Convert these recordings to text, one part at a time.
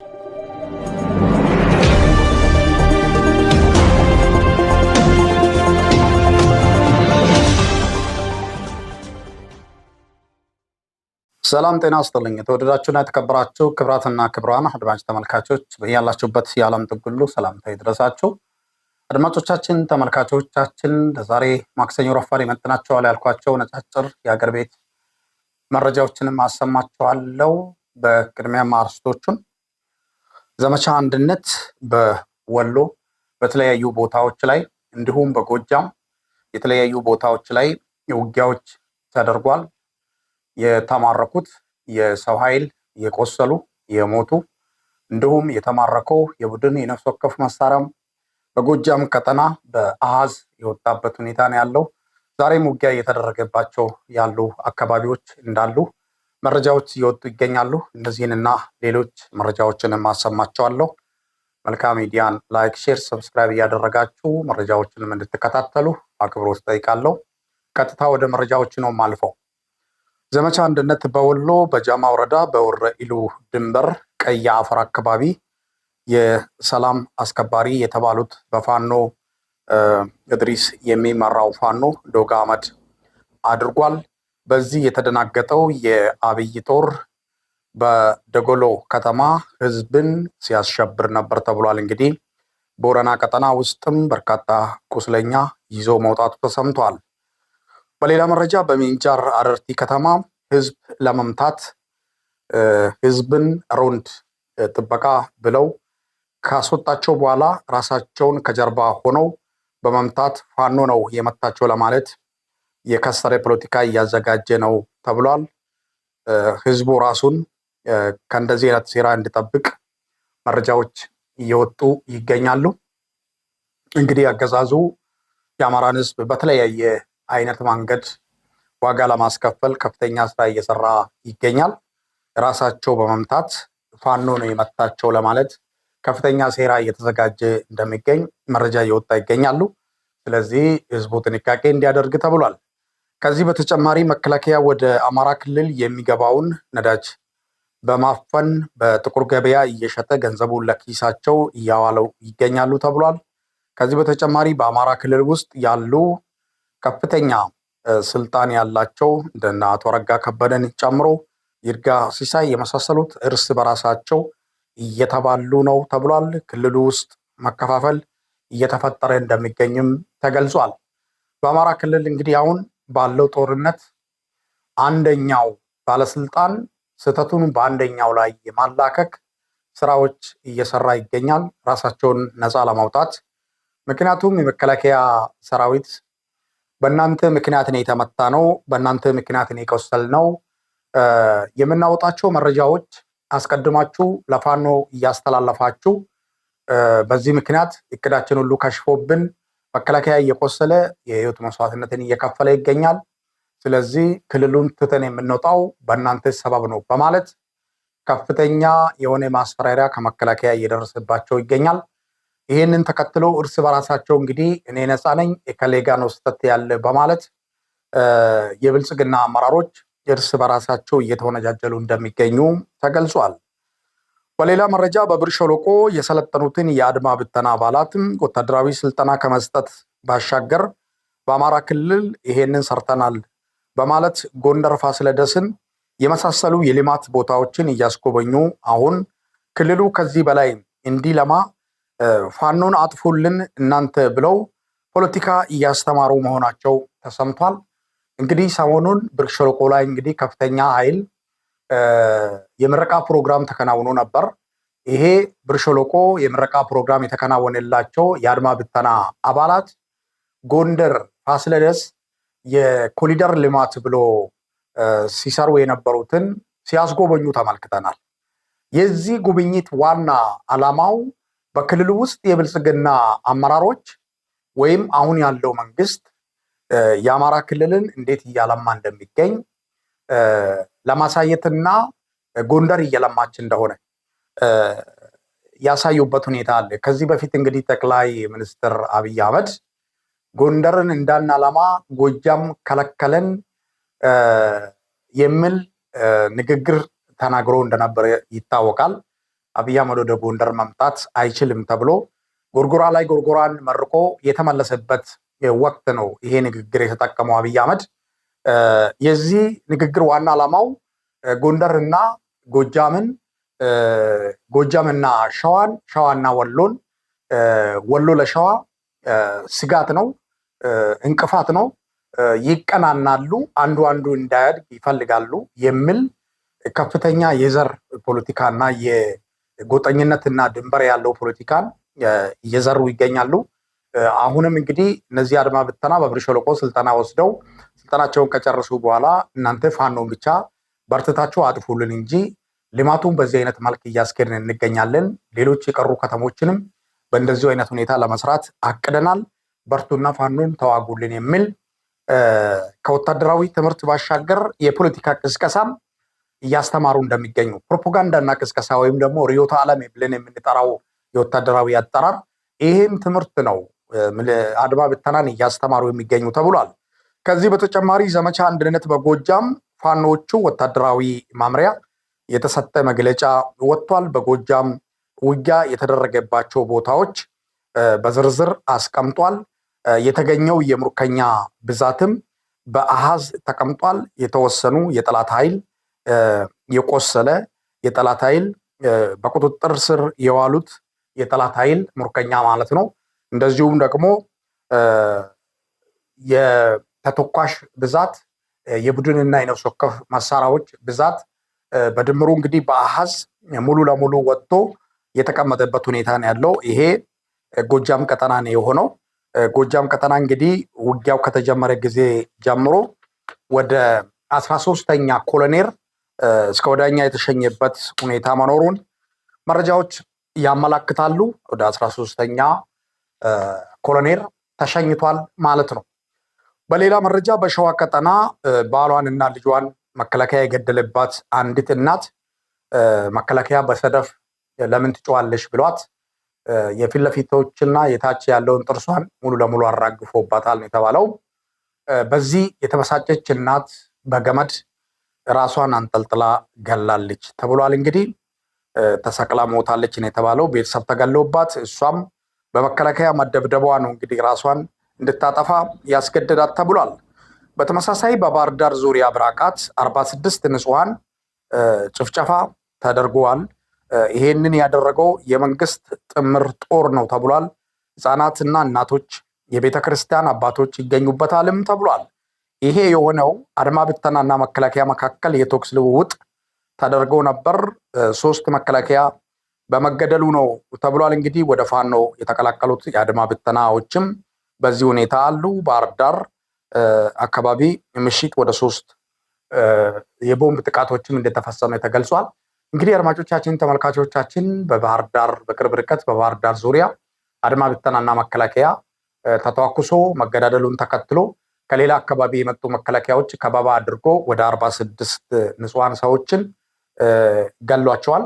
ሰላም ጤና ይስጥልኝ። የተወደዳችሁና የተከበራችሁ ክብራትና ክብራን አድማጭ ተመልካቾች በያላችሁበት የዓለም ጥግ ሁሉ ሰላምታ ይድረሳችሁ። አድማጮቻችን፣ ተመልካቾቻችን ለዛሬ ማክሰኞ ረፋድ ይመጥናቸዋል ያልኳቸው ነጫጭር የአገር ቤት መረጃዎችንም አሰማችኋለሁ። በቅድሚያ አርዕስቶቹን ዘመቻ አንድነት በወሎ በተለያዩ ቦታዎች ላይ እንዲሁም በጎጃም የተለያዩ ቦታዎች ላይ ውጊያዎች ተደርጓል። የተማረኩት የሰው ኃይል የቆሰሉ የሞቱ እንዲሁም የተማረከው የቡድን የነፍስ ወከፍ መሳሪያም በጎጃም ቀጠና በአሃዝ የወጣበት ሁኔታ ነው ያለው። ዛሬም ውጊያ እየተደረገባቸው ያሉ አካባቢዎች እንዳሉ መረጃዎች እየወጡ ይገኛሉ። እነዚህንና ሌሎች መረጃዎችን ማሰማቸዋለሁ። መልካም ሚዲያን ላይክ፣ ሼር፣ ሰብስክራይብ እያደረጋችሁ መረጃዎችንም እንድትከታተሉ አክብሮት ጠይቃለሁ። ቀጥታ ወደ መረጃዎች ነው ማልፈው። ዘመቻ አንድነት በወሎ በጃማ ወረዳ በወረ ኢሉ ድንበር ቀይ አፈር አካባቢ የሰላም አስከባሪ የተባሉት በፋኖ እድሪስ የሚመራው ፋኖ ዶጋ አመድ አድርጓል። በዚህ የተደናገጠው የአብይ ጦር በደጎሎ ከተማ ህዝብን ሲያሸብር ነበር ተብሏል። እንግዲህ ቦረና ቀጠና ውስጥም በርካታ ቁስለኛ ይዞ መውጣቱ ተሰምቷል። በሌላ መረጃ በሚንጃር አረርቲ ከተማ ህዝብ ለመምታት ህዝብን ሮንድ ጥበቃ ብለው ካስወጣቸው በኋላ ራሳቸውን ከጀርባ ሆነው በመምታት ፋኖ ነው የመታቸው ለማለት የከሰረ ፖለቲካ እያዘጋጀ ነው ተብሏል። ህዝቡ ራሱን ከእንደዚህ አይነት ሴራ እንዲጠብቅ መረጃዎች እየወጡ ይገኛሉ። እንግዲህ አገዛዙ የአማራን ህዝብ በተለያየ አይነት መንገድ ዋጋ ለማስከፈል ከፍተኛ ስራ እየሰራ ይገኛል። ራሳቸው በመምታት ፋኖ ነው የመታቸው ለማለት ከፍተኛ ሴራ እየተዘጋጀ እንደሚገኝ መረጃ እየወጣ ይገኛሉ። ስለዚህ ህዝቡ ጥንቃቄ እንዲያደርግ ተብሏል። ከዚህ በተጨማሪ መከላከያ ወደ አማራ ክልል የሚገባውን ነዳጅ በማፈን በጥቁር ገበያ እየሸጠ ገንዘቡን ለኪሳቸው እያዋለው ይገኛሉ ተብሏል። ከዚህ በተጨማሪ በአማራ ክልል ውስጥ ያሉ ከፍተኛ ስልጣን ያላቸው እንደነ አቶ አረጋ ከበደን ጨምሮ ይርጋ ሲሳይ የመሳሰሉት እርስ በራሳቸው እየተባሉ ነው ተብሏል። ክልሉ ውስጥ መከፋፈል እየተፈጠረ እንደሚገኝም ተገልጿል። በአማራ ክልል እንግዲህ አሁን ባለው ጦርነት አንደኛው ባለስልጣን ስህተቱን በአንደኛው ላይ የማላከክ ስራዎች እየሰራ ይገኛል፣ ራሳቸውን ነፃ ለማውጣት። ምክንያቱም የመከላከያ ሰራዊት በእናንተ ምክንያት ነው የተመታ ነው፣ በእናንተ ምክንያት ነው የቆሰል ነው፣ የምናወጣቸው መረጃዎች አስቀድማችሁ ለፋኖ እያስተላለፋችሁ በዚህ ምክንያት እቅዳችን ሁሉ ከሽፎብን መከላከያ እየቆሰለ የህይወት መስዋዕትነትን እየከፈለ ይገኛል። ስለዚህ ክልሉን ትተን የምንወጣው በእናንተ ሰበብ ነው በማለት ከፍተኛ የሆነ ማስፈራሪያ ከመከላከያ እየደረሰባቸው ይገኛል። ይህንን ተከትሎ እርስ በራሳቸው እንግዲህ እኔ ነፃ ነኝ ከሌጋ ነው ስተት ያለ በማለት የብልጽግና አመራሮች እርስ በራሳቸው እየተወነጃጀሉ እንደሚገኙ ተገልጿል። በሌላ መረጃ በብር ሸለቆ የሰለጠኑትን የአድማ ብተና አባላት ወታደራዊ ስልጠና ከመስጠት ባሻገር በአማራ ክልል ይሄንን ሰርተናል በማለት ጎንደር ፋሲለደስን የመሳሰሉ የልማት ቦታዎችን እያስጎበኙ አሁን ክልሉ ከዚህ በላይ እንዲለማ ፋኖን አጥፉልን እናንተ ብለው ፖለቲካ እያስተማሩ መሆናቸው ተሰምቷል። እንግዲህ ሰሞኑን ብር ሸለቆ ላይ እንግዲህ ከፍተኛ ኃይል የምረቃ ፕሮግራም ተከናውኖ ነበር። ይሄ ብርሸለቆ የምረቃ ፕሮግራም የተከናወነላቸው የአድማ ብተና አባላት ጎንደር ፋሲለደስ የኮሊደር ልማት ብሎ ሲሰሩ የነበሩትን ሲያስጎበኙ ተመልክተናል። የዚህ ጉብኝት ዋና ዓላማው በክልሉ ውስጥ የብልጽግና አመራሮች ወይም አሁን ያለው መንግስት የአማራ ክልልን እንዴት እያለማ እንደሚገኝ ለማሳየትና ጎንደር እየለማች እንደሆነ ያሳዩበት ሁኔታ አለ። ከዚህ በፊት እንግዲህ ጠቅላይ ሚኒስትር አብይ አህመድ ጎንደርን እንዳናለማ ጎጃም ከለከለን የሚል ንግግር ተናግሮ እንደነበረ ይታወቃል። አብይ አህመድ ወደ ጎንደር መምጣት አይችልም ተብሎ ጎርጎራ ላይ ጎርጎራን መርቆ የተመለሰበት ወቅት ነው ይሄ ንግግር የተጠቀመው አብይ አህመድ። የዚህ ንግግር ዋና ዓላማው ጎንደርና ጎጃምን ጎጃምና ሸዋን ሸዋና ወሎን ወሎ ለሸዋ ስጋት ነው፣ እንቅፋት ነው። ይቀናናሉ፣ አንዱ አንዱ እንዳያድግ ይፈልጋሉ የሚል ከፍተኛ የዘር ፖለቲካና የጎጠኝነትና ድንበር ያለው ፖለቲካን እየዘሩ ይገኛሉ። አሁንም እንግዲህ እነዚህ አድማ ብተና በብር ሸለቆ ስልጠና ወስደው ስልጠናቸውን ከጨረሱ በኋላ እናንተ ፋኖን ብቻ በርትታችሁ አጥፉልን እንጂ ልማቱን በዚህ አይነት መልክ እያስኬድን እንገኛለን። ሌሎች የቀሩ ከተሞችንም በእንደዚሁ አይነት ሁኔታ ለመስራት አቅደናል። በርቱና ፋኖን ተዋጉልን የሚል ከወታደራዊ ትምህርት ባሻገር የፖለቲካ ቅስቀሳም እያስተማሩ እንደሚገኙ ፕሮፓጋንዳና ቅስቀሳ ወይም ደግሞ ርዕዮተ ዓለም ብለን የምንጠራው የወታደራዊ አጠራር ይህም ትምህርት ነው። አድማ ብተናን እያስተማሩ የሚገኙ ተብሏል። ከዚህ በተጨማሪ ዘመቻ አንድነት በጎጃም ፋኖቹ ወታደራዊ ማምሪያ የተሰጠ መግለጫ ወጥቷል። በጎጃም ውጊያ የተደረገባቸው ቦታዎች በዝርዝር አስቀምጧል። የተገኘው የምርኮኛ ብዛትም በአሃዝ ተቀምጧል። የተወሰኑ የጠላት ኃይል የቆሰለ የጠላት ኃይል በቁጥጥር ስር የዋሉት የጠላት ኃይል ምርኮኛ ማለት ነው። እንደዚሁም ደግሞ የተተኳሽ ብዛት የቡድንና የነፍስ ወከፍ መሳሪያዎች ብዛት በድምሩ እንግዲህ በአሃዝ ሙሉ ለሙሉ ወጥቶ የተቀመጠበት ሁኔታ ነው ያለው። ይሄ ጎጃም ቀጠና ነው የሆነው። ጎጃም ቀጠና እንግዲህ ውጊያው ከተጀመረ ጊዜ ጀምሮ ወደ አስራ ሶስተኛ ኮሎኔል እስከ ወዳኛ የተሸኘበት ሁኔታ መኖሩን መረጃዎች ያመላክታሉ። ወደ አስራ ሶስተኛ ኮሎኔል ተሸኝቷል ማለት ነው። በሌላ መረጃ በሸዋ ቀጠና ባሏን እና ልጇን መከላከያ የገደለባት አንዲት እናት መከላከያ በሰደፍ ለምን ትጮዋለሽ ብሏት የፊት ለፊቶችና የታች ያለውን ጥርሷን ሙሉ ለሙሉ አራግፎባታል ነው የተባለው። በዚህ የተበሳጨች እናት በገመድ ራሷን አንጠልጥላ ገላለች ተብሏል። እንግዲህ ተሰቅላ ሞታለች ነው የተባለው። ቤተሰብ ተገለውባት እሷም በመከላከያ መደብደቧ ነው እንግዲህ ራሷን እንድታጠፋ ያስገደዳት ተብሏል። በተመሳሳይ በባህር ዳር ዙሪያ ብራቃት 46 ስድስት ንጹሐን ጭፍጨፋ ተደርጓል። ይሄንን ያደረገው የመንግስት ጥምር ጦር ነው ተብሏል። ህፃናትና እናቶች፣ የቤተ ክርስቲያን አባቶች ይገኙበታልም ተብሏል። ይሄ የሆነው አድማ ብተናና መከላከያ መካከል የተኩስ ልውውጥ ተደርገው ነበር። ሶስት መከላከያ በመገደሉ ነው ተብሏል። እንግዲህ ወደ ፋኖ የተቀላቀሉት የአድማ ብተናዎችም በዚህ ሁኔታ አሉ ባህር ዳር አካባቢ ምሽት ወደ ሶስት የቦምብ ጥቃቶችም እንደተፈጸመ ተገልጿል። እንግዲህ አድማጮቻችን፣ ተመልካቾቻችን በባህር ዳር በቅርብ ርቀት በባህር ዳር ዙሪያ አድማ ብተናና መከላከያ ተተኩሶ መገዳደሉን ተከትሎ ከሌላ አካባቢ የመጡ መከላከያዎች ከበባ አድርጎ ወደ አርባ ስድስት ንጹሐን ሰዎችን ገሏቸዋል።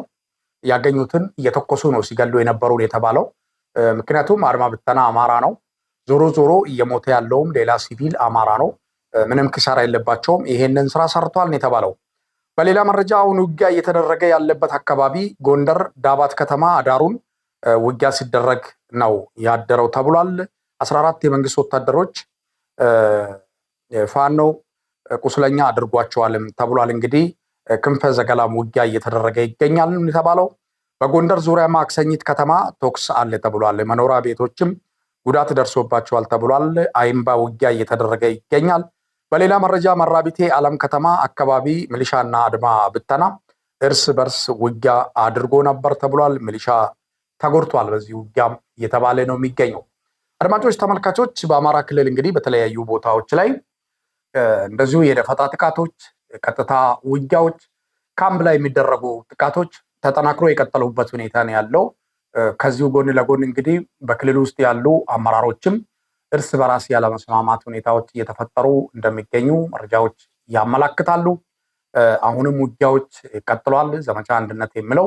ያገኙትን እየተኮሱ ነው ሲገሉ የነበሩን የተባለው ምክንያቱም አድማ ብተና አማራ ነው ዞሮ ዞሮ እየሞተ ያለውም ሌላ ሲቪል አማራ ነው። ምንም ክሳራ የለባቸውም። ይሄንን ስራ ሰርቷል ነው የተባለው። በሌላ መረጃ አሁን ውጊያ እየተደረገ ያለበት አካባቢ ጎንደር ዳባት ከተማ አዳሩን ውጊያ ሲደረግ ነው ያደረው ተብሏል። አስራ አራት የመንግስት ወታደሮች ፋኖ ቁስለኛ አድርጓቸዋልም ተብሏል። እንግዲህ ክንፈ ዘገላም ውጊያ እየተደረገ ይገኛል የተባለው በጎንደር ዙሪያ ማክሰኝት ከተማ ቶክስ አለ ተብሏል። መኖሪያ ቤቶችም ጉዳት ደርሶባቸዋል ተብሏል። አይምባ ውጊያ እየተደረገ ይገኛል። በሌላ መረጃ መራቢቴ አለም ከተማ አካባቢ ሚሊሻና አድማ ብተና እርስ በርስ ውጊያ አድርጎ ነበር ተብሏል። ሚሊሻ ተጎድቷል በዚህ ውጊያም እየተባለ ነው የሚገኘው። አድማጮች ተመልካቾች፣ በአማራ ክልል እንግዲህ በተለያዩ ቦታዎች ላይ እንደዚሁ የደፈጣ ጥቃቶች፣ ቀጥታ ውጊያዎች፣ ካምፕ ላይ የሚደረጉ ጥቃቶች ተጠናክሮ የቀጠሉበት ሁኔታ ነው ያለው። ከዚሁ ጎን ለጎን እንግዲህ በክልል ውስጥ ያሉ አመራሮችም እርስ በራስ ያለመስማማት ሁኔታዎች እየተፈጠሩ እንደሚገኙ መረጃዎች ያመላክታሉ። አሁንም ውጊያዎች ቀጥሏል። ዘመቻ አንድነት የሚለው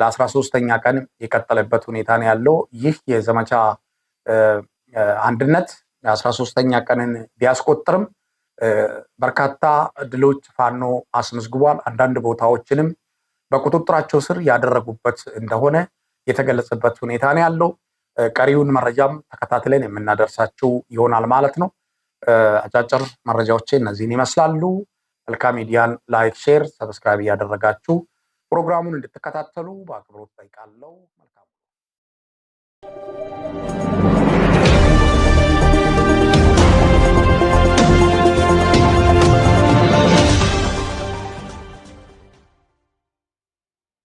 ለአስራ ሶስተኛ ቀን የቀጠለበት ሁኔታ ነው ያለው። ይህ የዘመቻ አንድነት የአስራ ሶስተኛ ቀንን ቢያስቆጥርም በርካታ ድሎች ፋኖ አስመዝግቧል። አንዳንድ ቦታዎችንም በቁጥጥራቸው ስር ያደረጉበት እንደሆነ የተገለጸበት ሁኔታ ነው ያለው። ቀሪውን መረጃም ተከታትለን የምናደርሳችሁ ይሆናል ማለት ነው። አጫጭር መረጃዎች እነዚህን ይመስላሉ። መልካም ሚዲያን ላይክ፣ ሼር፣ ሰብስክራይብ እያደረጋችሁ ፕሮግራሙን እንድትከታተሉ በአክብሮት ጠይቃለሁ። መልካም